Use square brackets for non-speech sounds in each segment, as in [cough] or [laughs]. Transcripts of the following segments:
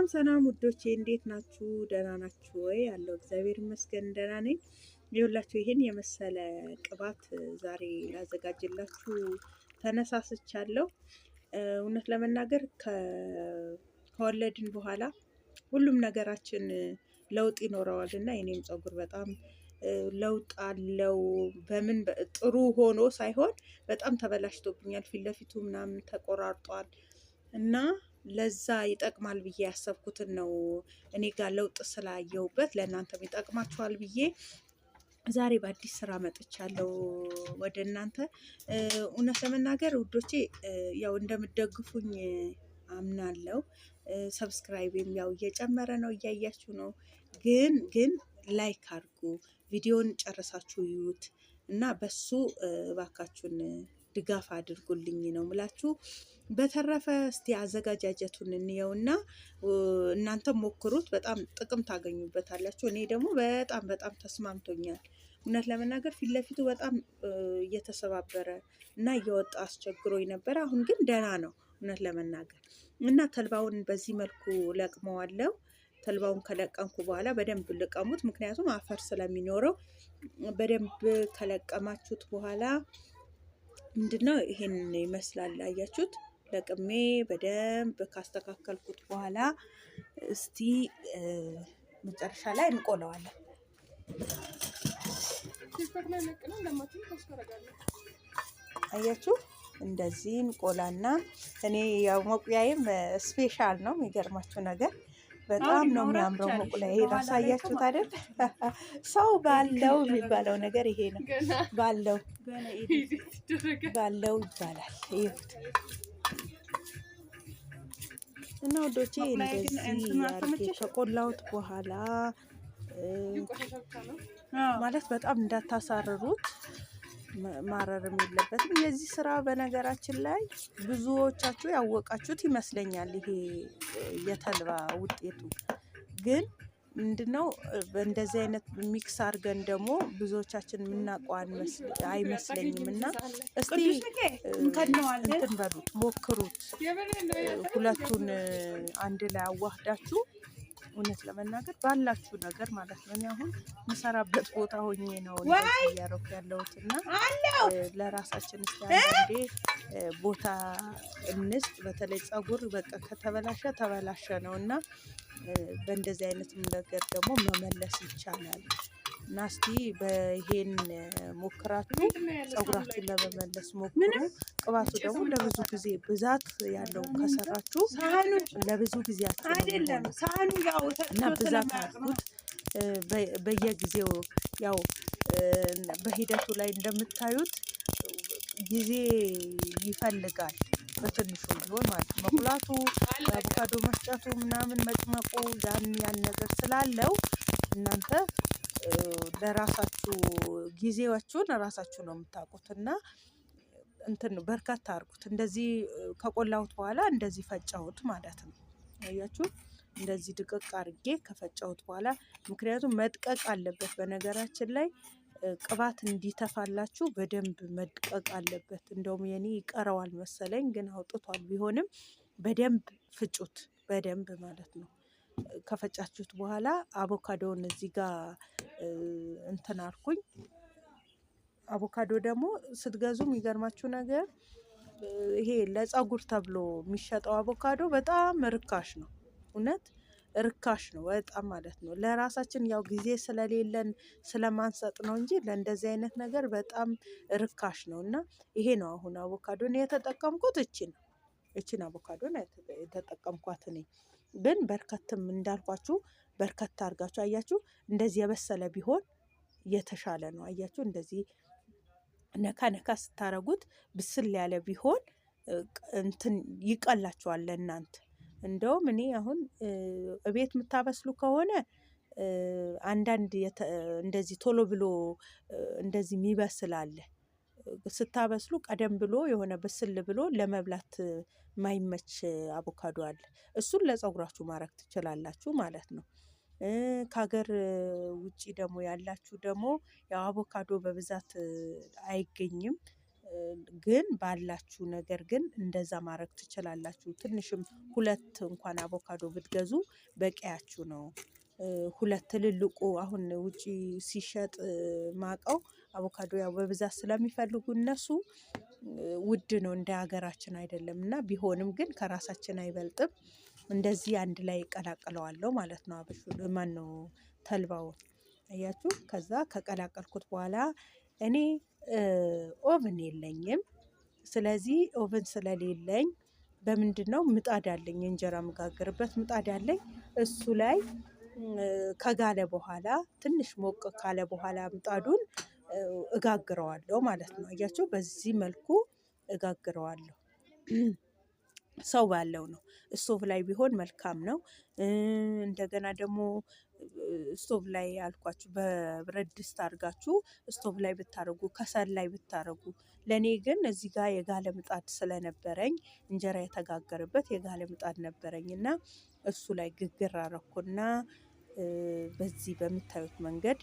ሰላም ሰላም ውዶቼ እንዴት ናችሁ? ደህና ናችሁ ወይ? ያለው እግዚአብሔር ይመስገን ደህና ነኝ። ይኸውላችሁ ይህን የመሰለ ቅባት ዛሬ ላዘጋጅላችሁ ተነሳስቻለሁ። እውነት ለመናገር ከወለድን በኋላ ሁሉም ነገራችን ለውጥ ይኖረዋል እና የኔም ፀጉር በጣም ለውጥ አለው። በምን ጥሩ ሆኖ ሳይሆን በጣም ተበላሽቶብኛል። ፊት ለፊቱ ምናምን ተቆራርጧል እና ለዛ ይጠቅማል ብዬ ያሰብኩትን ነው እኔ ጋር ለውጥ ስላየሁበት ለእናንተም ይጠቅማችኋል ብዬ ዛሬ በአዲስ ስራ መጥቻለሁ ወደ እናንተ። እውነት ለመናገር ውዶቼ ያው እንደምደግፉኝ አምናለሁ። ሰብስክራይብም ያው እየጨመረ ነው፣ እያያችሁ ነው። ግን ግን ላይክ አድርጉ፣ ቪዲዮን ጨርሳችሁ ይዩት እና በሱ እባካችሁን ድጋፍ አድርጉልኝ ነው ምላችሁ። በተረፈ እስቲ አዘጋጃጀቱን እና እናንተ ሞክሩት። በጣም ጥቅም ታገኙበታላችሁ። እኔ ደግሞ በጣም በጣም ተስማምቶኛል። እውነት ለመናገር ፊት ለፊቱ በጣም እየተሰባበረ እና እየወጣ አስቸግሮኝ ነበረ። አሁን ግን ደህና ነው እውነት ለመናገር እና ተልባውን በዚህ መልኩ ለቅመዋለው። ተልባውን ከለቀምኩ በኋላ በደንብ ልቀሙት፣ ምክንያቱም አፈር ስለሚኖረው በደንብ ከለቀማችሁት በኋላ ምንድነው ይሄን ይመስላል አያችሁት? ለቅሜ በደንብ ካስተካከልኩት በኋላ እስቲ መጨረሻ ላይ እንቆለዋለን። አያችሁ እንደዚህ እንቆላና እኔ ያው መቁያዬም ስፔሻል ነው። የሚገርማችሁ ነገር በጣም ነው የሚያምረው መቁላዬ ራሱ አያችሁት አይደል? [laughs] ሰው ባለው የሚባለው ነገር ይሄ ነው። ባለው ባለው ይባላል። ይሁት እና ወዶቼ እንደዚህ ከቆላሁት በኋላ ማለት በጣም እንዳታሳርሩት ማረርም የለበትም። የዚህ ስራ በነገራችን ላይ ብዙዎቻችሁ ያወቃችሁት ይመስለኛል። ይሄ የተልባ ውጤቱ ግን ምንድነው እንደዚህ አይነት ሚክስ አድርገን ደግሞ ብዙዎቻችን የምናውቀው አይመስለኝም። እና እስቲ እንትን በሉት ሞክሩት፣ ሁለቱን አንድ ላይ አዋህዳችሁ እውነት ለመናገር ባላችሁ ነገር ማለት ነው። እኔ አሁን የምሰራበት ቦታ ሆኜ ነው እያደረኩ ያለሁት እና ለራሳችን እስኪ አንዳንዴ ቦታ እንስጥ። በተለይ ጸጉር በቃ ከተበላሸ ተበላሸ ነው እና በእንደዚህ አይነት ነገር ደግሞ መመለስ ይቻላል። እና በይሄን ሞክራችሁ ፀጉራችሁን ለመመለስ ሞክሩ። ቅባቱ ደግሞ ለብዙ ጊዜ ብዛት ያለው ከሰራችሁ ለብዙ ጊዜያችሁ እና ብዛት አድርጉት። በየጊዜው ያው በሂደቱ ላይ እንደምታዩት ጊዜ ይፈልጋል። በትንሹ ቢሆን ማለት መቁላቱ፣ አቮካዶ መፍጨቱ፣ ምናምን መጭመቁ ያን ያን ነገር ስላለው እናንተ ለራሳችሁ ጊዜያችሁን ራሳችሁ ነው የምታውቁት እና እንትን በርካታ አርጉት። እንደዚህ ከቆላሁት በኋላ እንደዚህ ፈጫሁት ማለት ነው። አያችሁ እንደዚህ ድቅቅ አርጌ ከፈጫሁት በኋላ ምክንያቱም መጥቀቅ አለበት። በነገራችን ላይ ቅባት እንዲተፋላችሁ በደንብ መድቀቅ አለበት። እንደውም የኔ ይቀረዋል መሰለኝ ግን አውጥቷል። ቢሆንም በደንብ ፍጩት፣ በደንብ ማለት ነው። ከፈጫችሁት በኋላ አቮካዶውን እዚህ ጋር እንትን አልኩኝ። አቮካዶ ደግሞ ስትገዙ የሚገርማችሁ ነገር ይሄ ለፀጉር ተብሎ የሚሸጠው አቮካዶ በጣም ርካሽ ነው። እውነት ርካሽ ነው በጣም ማለት ነው። ለራሳችን ያው ጊዜ ስለሌለን ስለማንሰጥ ነው እንጂ ለእንደዚህ አይነት ነገር በጣም ርካሽ ነው እና ይሄ ነው አሁን አቮካዶን የተጠቀምኩት እችን እችን አቮካዶን የተጠቀምኳት እኔ ግን በርከትም እንዳልኳችሁ በርከታ አድርጋችሁ አያችሁ። እንደዚህ የበሰለ ቢሆን የተሻለ ነው። አያችሁ እንደዚህ ነካ ነካ ስታረጉት ብስል ያለ ቢሆን እንትን ይቀላችኋል ለእናንተ። እንደውም እኔ አሁን እቤት የምታበስሉ ከሆነ አንዳንድ እንደዚህ ቶሎ ብሎ እንደዚህ የሚበስል አለ። ስታበስሉ ቀደም ብሎ የሆነ ብስል ብሎ ለመብላት ማይመች አቮካዶ አለ። እሱን ለፀጉራችሁ ማድረግ ትችላላችሁ ማለት ነው። ከሀገር ውጪ ደግሞ ያላችሁ ደግሞ ያው አቮካዶ በብዛት አይገኝም። ግን ባላችሁ ነገር ግን እንደዛ ማድረግ ትችላላችሁ። ትንሽም ሁለት እንኳን አቮካዶ ብትገዙ በቂያችሁ ነው። ሁለት ትልልቁ አሁን ውጪ ሲሸጥ ማቀው አቮካዶ ያው በብዛት ስለሚፈልጉ እነሱ ውድ ነው እንደ ሀገራችን አይደለም እና ቢሆንም ግን ከራሳችን አይበልጥም። እንደዚህ አንድ ላይ እቀላቅለዋለሁ ማለት ነው። አብሹን ማነው ተልባው አያችሁ ከዛ ከቀላቀልኩት በኋላ እኔ ኦቭን የለኝም። ስለዚህ ኦቭን ስለሌለኝ ነው ምጣድ አለኝ እንጀራ መጋገርበት ምጣድ አለኝ እሱ ላይ ከጋለ በኋላ ትንሽ ሞቅ ካለ በኋላ ምጣዱን እጋግረዋለሁ ማለት ነው። አያችሁ በዚህ መልኩ እጋግረዋለሁ። ሰው ባለው ነው ስቶቭ ላይ ቢሆን መልካም ነው። እንደገና ደግሞ ስቶቭ ላይ ያልኳችሁ በብረት ድስት አድርጋችሁ ስቶቭ ላይ ብታደርጉ ከሰል ላይ ብታደርጉ ለእኔ ግን እዚህ ጋር የጋለ ምጣድ ስለነበረኝ እንጀራ የተጋገረበት የጋለ ምጣድ ነበረኝ እና እሱ ላይ ግግር አረኩና በዚህ በምታዩት መንገድ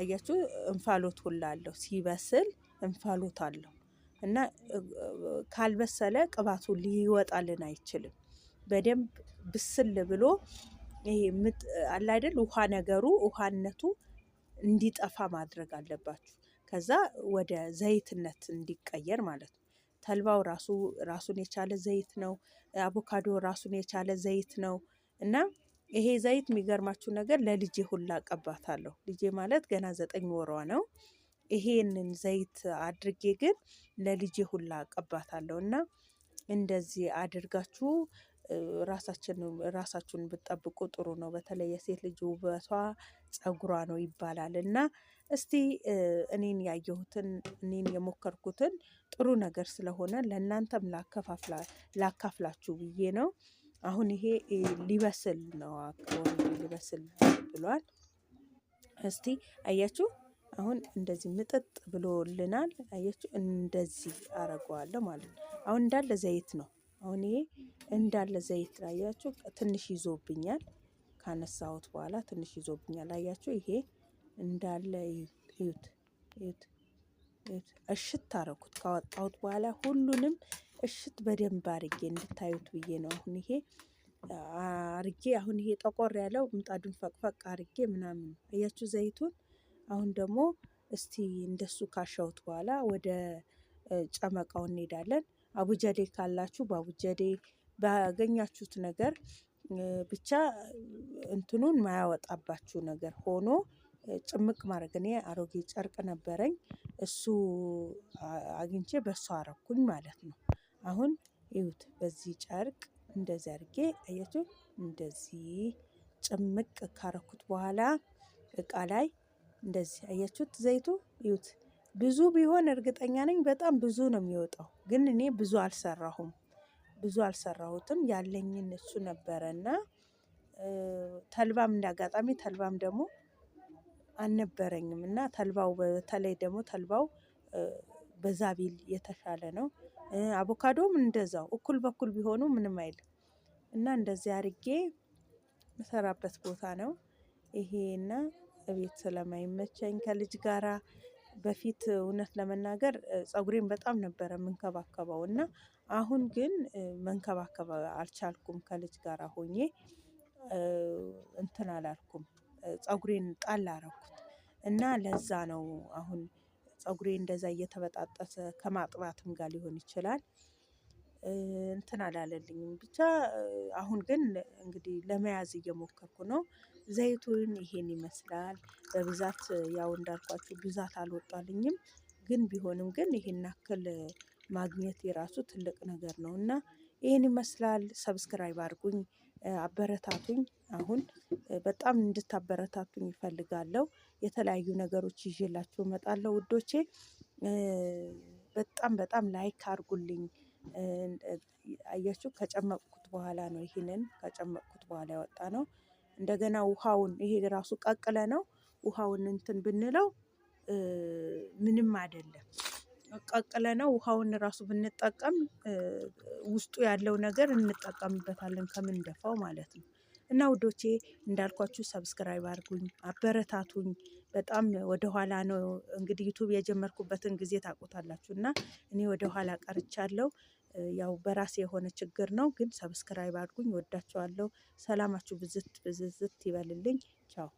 አያችሁ እንፋሎት ሁላ አለው። ሲበስል እንፋሎት አለው እና ካልበሰለ ቅባቱ ሊወጣልን አይችልም። በደንብ ብስል ብሎ ይሄ አለ አይደል ውሃ ነገሩ ውሃነቱ እንዲጠፋ ማድረግ አለባችሁ። ከዛ ወደ ዘይትነት እንዲቀየር ማለት ነው። ተልባው ራሱ ራሱን የቻለ ዘይት ነው። አቮካዶ ራሱን የቻለ ዘይት ነው እና ይሄ ዘይት የሚገርማችሁ ነገር ለልጄ ሁላ ቀባታለሁ። ልጄ ማለት ገና ዘጠኝ ወሯ ነው። ይሄንን ዘይት አድርጌ ግን ለልጄ ሁላ ቀባታለሁ እና እንደዚህ አድርጋችሁ ራሳችሁን ብትጠብቁ ጥሩ ነው። በተለይ የሴት ልጅ ውበቷ ጸጉሯ ነው ይባላል እና እስቲ እኔን ያየሁትን እኔን የሞከርኩትን ጥሩ ነገር ስለሆነ ለእናንተም ላካፍላችሁ ብዬ ነው። አሁን ይሄ ሊበስል ነው፣ ሊበስል ብሏል። እስቲ አያችሁ፣ አሁን እንደዚህ ምጥጥ ብሎልናል። አያችሁ፣ እንደዚህ አረገዋለሁ ማለት ነው። አሁን እንዳለ ዘይት ነው። አሁን ይሄ እንዳለ ዘይት አያችሁ፣ ትንሽ ይዞብኛል። ካነሳሁት በኋላ ትንሽ ይዞብኛል። አያችሁ፣ ይሄ እንዳለ እዩት፣ እዩት፣ እዩት። እሽት አረኩት ካወጣሁት በኋላ ሁሉንም እሽት በደንብ አርጌ እንድታዩት ብዬ ነው። አሁን ይሄ አርጌ አሁን ይሄ ጠቆር ያለው ምጣዱን ፈቅፈቅ አርጌ ምናምን አያችሁ ዘይቱን። አሁን ደግሞ እስቲ እንደሱ ካሻውት በኋላ ወደ ጨመቃው እንሄዳለን። አቡጀዴ ካላችሁ በአቡጀዴ ባገኛችሁት ነገር ብቻ እንትኑን ማያወጣባችሁ ነገር ሆኖ ጭምቅ ማድረግ። እኔ አሮጌ ጨርቅ ነበረኝ እሱ አግኝቼ በእሱ አረኩኝ ማለት ነው። አሁን ይሁት በዚህ ጨርቅ እንደዚህ አድርጌ አያችሁ፣ እንደዚህ ጭምቅ ካረኩት በኋላ እቃ ላይ እንደዚህ አያችሁት። ዘይቱ ይሁት ብዙ ቢሆን እርግጠኛ ነኝ በጣም ብዙ ነው የሚወጣው። ግን እኔ ብዙ አልሰራሁም፣ ብዙ አልሰራሁትም ያለኝን እሱ ነበረ እና ተልባም እንዳጋጣሚ ተልባም ደግሞ አልነበረኝም እና ተልባው በተለይ ደግሞ ተልባው በዛቢል የተሻለ ነው። አቮካዶም እንደዛው እኩል በኩል ቢሆኑ ምንም አይል እና እንደዚህ አርጌ መሰራበት ቦታ ነው ይሄና እቤት ስለማይመቸኝ ከልጅ ጋራ በፊት እውነት ለመናገር ጸጉሬን በጣም ነበረ የምንከባከበው እና አሁን ግን መንከባከብ አልቻልኩም። ከልጅ ጋር ሆኜ እንትን አላልኩም ጸጉሬን ጣል አረኩት እና ለዛ ነው አሁን ፀጉሬ እንደዛ እየተበጣጠሰ ከማጥባትም ጋር ሊሆን ይችላል። እንትን አላለልኝም ብቻ አሁን ግን እንግዲህ ለመያዝ እየሞከርኩ ነው። ዘይቱን ይሄን ይመስላል በብዛት ያው እንዳልኳችሁ ብዛት አልወጣልኝም። ግን ቢሆንም ግን ይሄን ያክል ማግኘት የራሱ ትልቅ ነገር ነው። እና ይሄን ይመስላል ሰብስክራይብ አድርጉኝ አበረታቱኝ አሁን በጣም እንድታበረታቱኝ ይፈልጋለው። የተለያዩ ነገሮች ይዤላችሁ እመጣለሁ ውዶቼ። በጣም በጣም ላይክ አድርጉልኝ። አያችሁ ከጨመቅኩት በኋላ ነው ይህንን ከጨመቅኩት በኋላ ያወጣ ነው። እንደገና ውሃውን ይሄ ራሱ ቀቅለ ነው ውሃውን እንትን ብንለው ምንም አይደለም። ቀቅለ ነው ውሃውን ራሱ ብንጠቀም ውስጡ ያለው ነገር እንጠቀምበታለን ከምንደፋው ማለት ነው። እና ውዶቼ እንዳልኳችሁ ሰብስክራይብ አድርጉኝ፣ አበረታቱኝ። በጣም ወደኋላ ነው እንግዲህ ዩቱብ የጀመርኩበትን ጊዜ ታውቁታላችሁ እና እኔ ወደኋላ ቀርቻለሁ። ያው በራሴ የሆነ ችግር ነው፣ ግን ሰብስክራይብ አድርጉኝ። ወዳችኋለሁ። ሰላማችሁ ብዝት ብዝዝት ይበልልኝ። ቻው